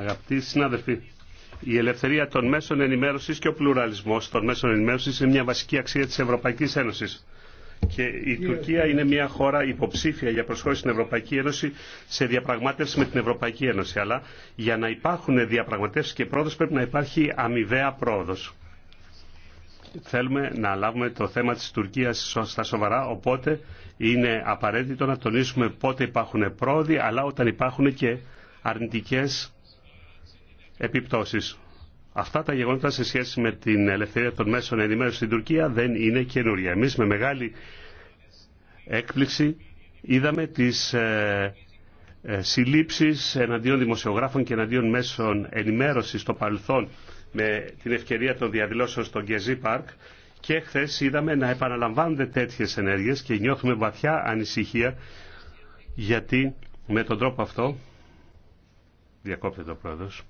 Αγαπητοί συνάδελφοι, η ελευθερία των μέσων ενημέρωση και ο πλουραλισμό των μέσων ενημέρωση είναι μια βασική αξία τη Ευρωπαϊκή Ένωση. Και η Τουρκία είναι μια χώρα υποψήφια για προσχώρηση στην Ευρωπαϊκή Ένωση σε διαπραγμάτευση με την Ευρωπαϊκή Ένωση. Αλλά για να υπάρχουν διαπραγματεύσει και πρόοδο πρέπει να υπάρχει αμοιβαία πρόοδο. Θέλουμε να λάβουμε το θέμα της Τουρκίας στα σοβαρά, οπότε είναι απαραίτητο να τονίσουμε πότε υπάρχουν πρόοδοι, αλλά όταν υπάρχουν και αρνητικές επιπτώσεις. Αυτά τα γεγονότα σε σχέση με την ελευθερία των μέσων ενημέρωσης στην Τουρκία δεν είναι καινούρια. Εμείς με μεγάλη έκπληξη είδαμε τις ε, ε, συλλήψεις εναντίον δημοσιογράφων και εναντίον μέσων ενημέρωσης στο παρελθόν με την ευκαιρία των διαδηλώσεων στο Γκεζί Πάρκ και χθε είδαμε να επαναλαμβάνονται τέτοιες ενέργειες και νιώθουμε βαθιά ανησυχία γιατί με τον τρόπο αυτό διακόπτεται ο πρόεδρος.